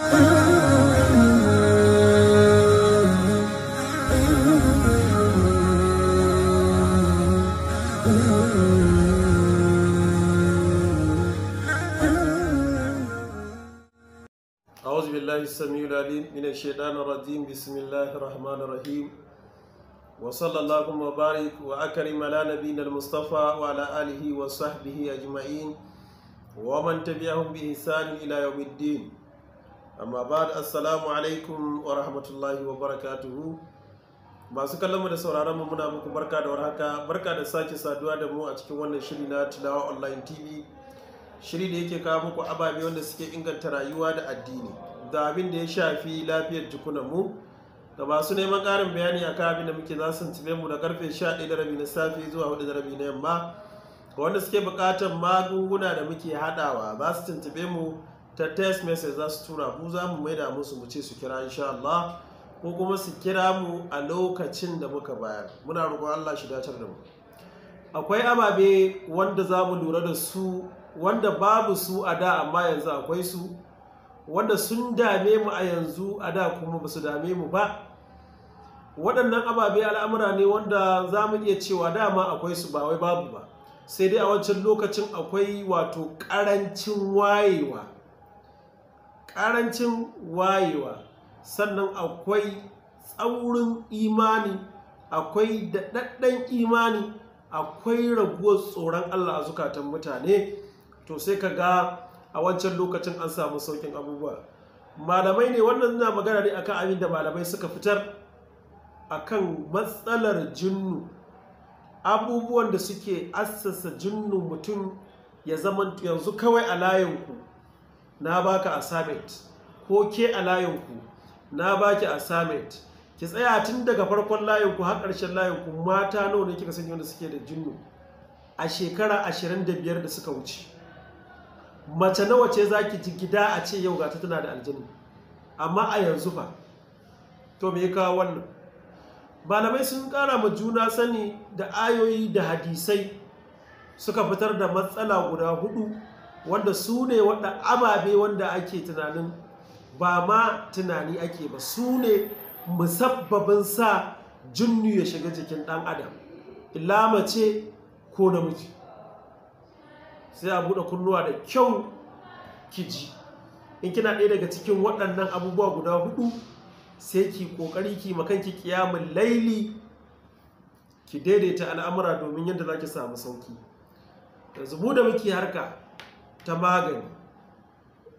أعوذ بالله السميع العليم من الشيطان الرجيم بسم الله الرحمن الرحيم وصلى الله وبارك وأكرم على نبينا المصطفى وعلى آله وصحبه أجمعين ومن تبعهم بإحسان إلى يوم الدين amma ba da assalamu alaikum wa rahmatullahi wa barakatuhu masu kallon mu da sauraron mu muna muku barka da warhaka barka da sake saduwa da mu a cikin wannan shiri na tilawa online tv shiri da yake kawo muku ababe wanda suke inganta rayuwa da addini da abin da ya shafi lafiyar jikunan mu ga masu neman ƙarin bayani akan abin da muke za su mu da karfe ɗaya da rabi na safe zuwa hudu da rabi na yamma wanda suke buƙatar magunguna da muke haɗawa ba su tuntube mu ta test message za su tura mu za mu maida musu mu ce su kira insha Allah ko kuma su kira mu a lokacin da muka bayar muna roƙon Allah shi dacar da mu akwai ababe wanda za mu lura da su wanda babu su a da amma yanzu akwai su wanda sun dame mu a yanzu a da kuma ba su dame mu ba waɗannan ababe al'amura ne wanda za mu iya cewa dama akwai su ba wai babu ba sai dai a wancan lokacin akwai wato ƙarancin wayewa ƙarancin wayewa sannan akwai tsaurin imani akwai daɗaɗɗen imani akwai raguwar tsoron Allah a zukatan mutane to sai ka ga a wancan lokacin an samu saukin abubuwa malamai ne wannan na magana ne akan abin da malamai suka fitar akan matsalar jinnu abubuwan da suke assasa jinnu mutum ya zama yanzu kawai a layinku na baka assignment ko ke a layinku na baki assignment ki tsaya tun daga farkon layinku har ƙarshen layinku mata nawa ne kika sani wanda suke da jinnu a shekara 25 da suka wuce mace nawa ce za ki ji gida a ce yau ga ta tana da aljanu? amma a yanzu fa to me kawo wannan malamai sun ƙara ma juna sani da ayoyi da hadisai suka fitar da matsala guda hudu wanda su ne wanda ababe wanda ake tunanin ba ma tunani ake ba su ne musabbabin sa jinnu ya shiga jikin dan adam illa mace ko namiji sai a buɗe kunnuwa da kyau kiji in kina ɗaya daga cikin waɗannan abubuwa guda hudu sai ki ƙoƙari ki makanki kiyamun laili ki daidaita al'amura domin yadda za ki samu sauki yanzu mu da muke harka ta magani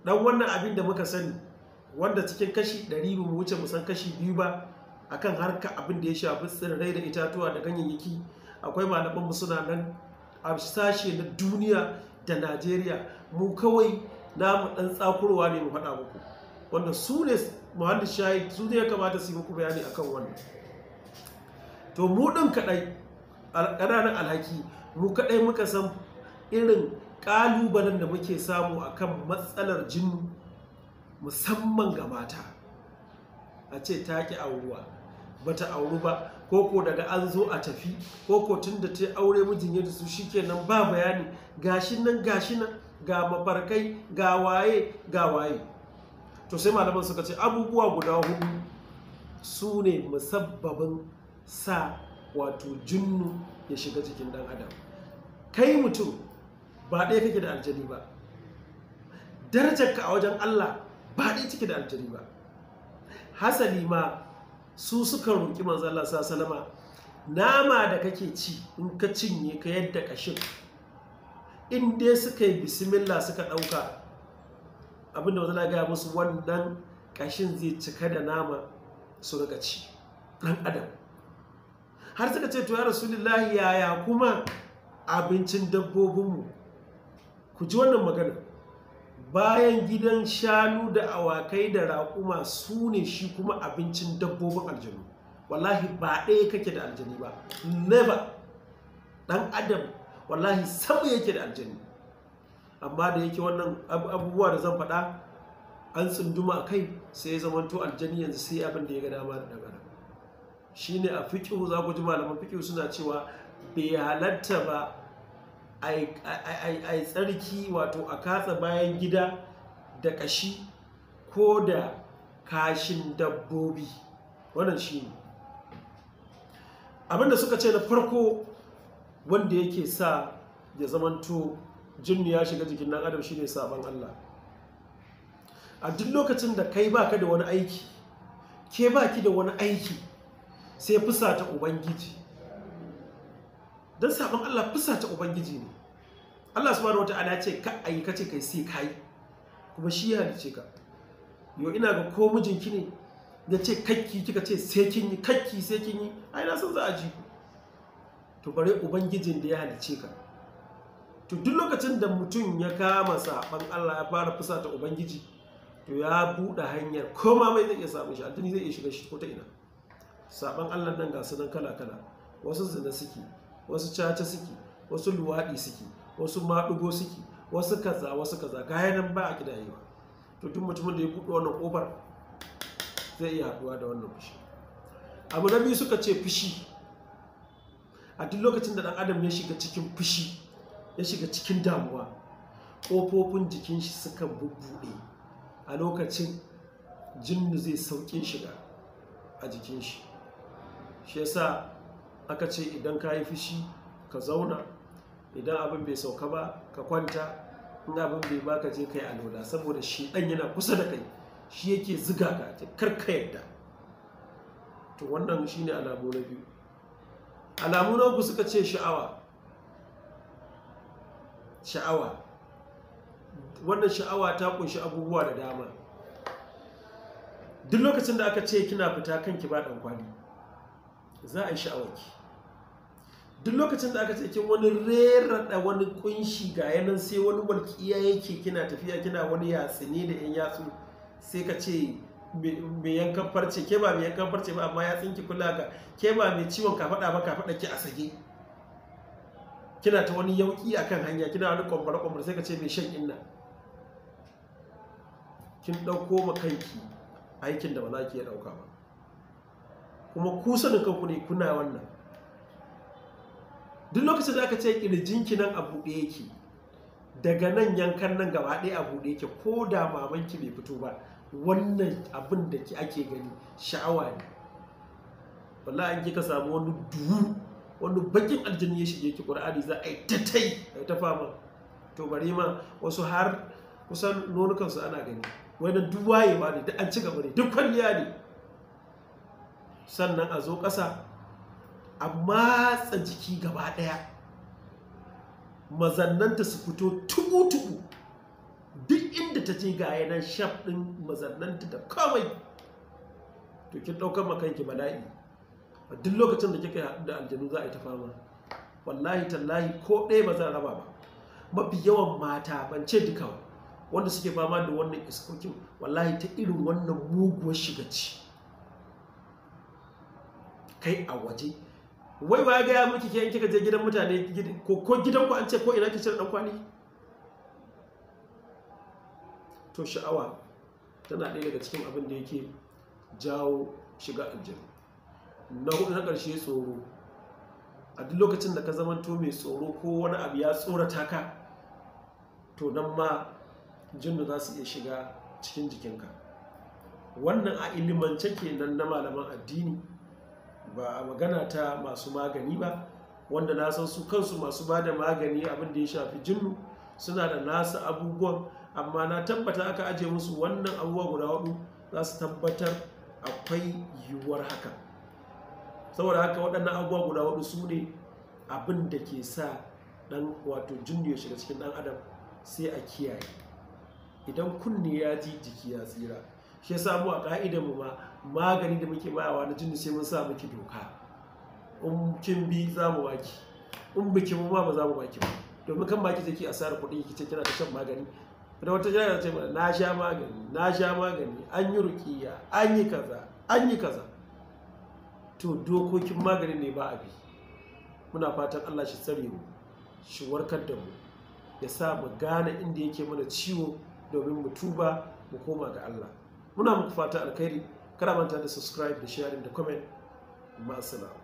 dan wannan abin da muka sani wanda cikin kashi 100 mu wuce mu san kashi biyu ba akan harka abin da ya shafi tsirrai da itatuwa da ganyayyaki akwai malaman mu suna nan a sashe na duniya da Najeriya mu kawai namu dan tsakurwa ne mu faɗa muku wanda su ne muhallin shayi su ne ya kamata su yi muku bayani akan wannan to mu din kaɗai ƙananan alhaki mu kaɗai muka san irin ƙalubalen da muke samu akan matsalar jinnu musamman ga mata a ce ta ki auruwa bata auru ba koko daga an zo a tafi koko tun da ta aure mijin yadda su shikenan ba bayani gashin nan gashin nan ga mafarkai ga waye ga waye to sai malaman suka ce abubuwa guda hudu su ne musabbabin sa wato jinnu ya shiga jikin dan adam kai mutum ba ɗaya kake da aljani ba darajarka a wajen Allah ba ɗaya cike da aljani ba hasali ma su suka roƙi manzo Allah salama nama da kake ci in ka cinye ka yadda kashin in dai suka yi bismillah suka ɗauka abinda wanzu na gaya musu wannan kashin zai cika da nama su rika ci ɗan adam har suka ce to ya rasulullahi yaya kuma abincin dabbobinmu ku ji wannan magana bayan gidan shanu da awakai da raƙuma su ne shi kuma abincin dabbobin aljanu wallahi ba ɗaya kake da aljani ba never ɗan adam wallahi sabu yake da aljani amma da yake wannan abubuwa da zan faɗa an tsunduma kai sai ya zamanto aljani yanzu sai abin da ya ga dama da dagara Shi ne a fikihu za ku ji malaman fikihu suna cewa bai halatta ba a tsarki wato a katsa bayan gida da kashi ko da kashin dabbobi wannan shi ne abinda suka ce na farko wanda yake sa ya zamanto jinni ya shiga jikin nan adam shine sabon Allah a duk lokacin da kai baka da wani aiki ke baki da wani aiki sai fusata ubangiji don sabon Allah fusata ubangiji ne Allah subhanahu wata'ala ya ce ka ayi ka kai sai kai kuma shi ya halice ka yo ina ga ko mijinki ne ya ce kakki kika ce sai kin yi kakki sai kin yi ai na san za a ji ku to bare ubangijin da ya halice ka to duk lokacin da mutum ya kama sabon Allah ya fara fusata ubangiji to ya buɗe hanyar koma mai zai iya samun shi addini zai iya shiga shi ko ta ina sabon Allah nan ga su nan kala kala wasu zina suke wasu caca suke wasu luwaɗi suke wasu maɗugo suke wasu kaza wasu kaza gaya nan ba a yiwa to duk mutumin da ya buɗe wannan ƙofar zai iya haɗuwa da wannan fushi abu na biyu suka ce fushi a duk lokacin da ɗan adam ya shiga cikin fushi ya shiga cikin damuwa ƙofofin jikin shi suka bubbuɗe a lokacin jinnu zai sauƙin shiga a jikin shi shi yasa aka ce idan ka yi fushi ka zauna idan abin bai sauka ba ka kwanta in abin bai ba ka je ka yi lura saboda shi ɗan yana kusa da kai shi yake ziga ka ta karka yadda to wannan shi ne alamu na biyu alamu na uku suka ce sha'awa sha'awa wannan sha'awa ta kunshi abubuwa da dama duk lokacin da aka ce kina fita kanki ba dan kwali za a yi sha'awarki duk lokacin da aka ce kin wani rerada wani kunshi ga yanan sai wani walƙiya yake kina tafiya kina wani ne da yan yatsu sai ka ce mai yankan farce ke ba mai yankan farce ba amma yatsun ki kula ga ke ba mai ciwon kafaɗa ba kafaɗa ki a sage kina ta wani yauki akan hanya kina wani kwambar kwambar sai ka ce mai shan inna kin ɗauko ma kanki aikin da ba za ki iya ɗauka ba kuma ku sanin kanku ne kuna wannan duk lokacin da aka ce kirjinki nan a buɗe yake daga nan yankan nan gaba ɗaya a buɗe yake ko da mamanki bai fito ba wannan abin da ki ake gani sha'awa ne wala an ka samu wani duhu wani bakin aljini ya shige ki qur'ani za a yi ta tai a yi ta fama to bari ma wasu har kusan nonukansu ana gani wani duk wayewa ne duk an ci gaba ne duk kwalliya ne sannan a zo ƙasa a matsa jiki gaba ɗaya mazannanta su fito tubu-tubu duk inda ta ce ga yanar shaf ɗin mazannanta da kawai to kin ɗaukar makanki bala'i a duk lokacin da kika haɗu da aljanu za a yi ta fama wallahi tallahi ko ɗaya ba za a raba ba mafi yawan mata ban ce duka wanda suke fama da wannan iskokin wallahi ta irin wannan muguwar shiga ce kai a waje wai ba ga ya miki ke in kika je gidan mutane ko ko gidan ku an ce ko ina kike shirin dan kwali to sha'awa tana ɗaya daga cikin abin da yake jawo shiga aljanna na hudu na ƙarshe tsoro a duk lokacin da ka zamanto mai tsoro ko wani abu ya tsorata ka to nan ma jinnu za su iya shiga cikin jikinka wannan a ilimance kenan na malaman addini ba a magana ta masu magani ba wanda na san su kansu masu ba da magani abin da ya shafi jinnu suna da nasu abubuwan amma na tabbata aka aje musu wannan abubuwa guda hudu za su tabbatar akwai yiwuwar haka saboda haka waɗannan abubuwa guda hudu su ne abin da ke sa dan wato jinnu ya shiga cikin ɗan adam sai a kiyaye idan kunne ya ji jiki ya tsira shi yasa mu a ka'idar mu ma magani da muke bayawa na jinni sai mun sa miki doka in kin bi za mu baki in biki mu ma ba za mu baki ba domin kan baki take asarar kuɗi ce kina da shan magani da wata jami'a ce mana na sha magani na sha magani an yi rukiya an yi kaza an yi kaza to dokokin magani ne ba a bi muna fatan Allah shi tsare mu shi warkar da mu ya sa mu gane inda yake mana ciwo domin mu tuba mu koma ga Allah muna muku fata alkhairi kada manta da subscribe da sharing da comment ma'asala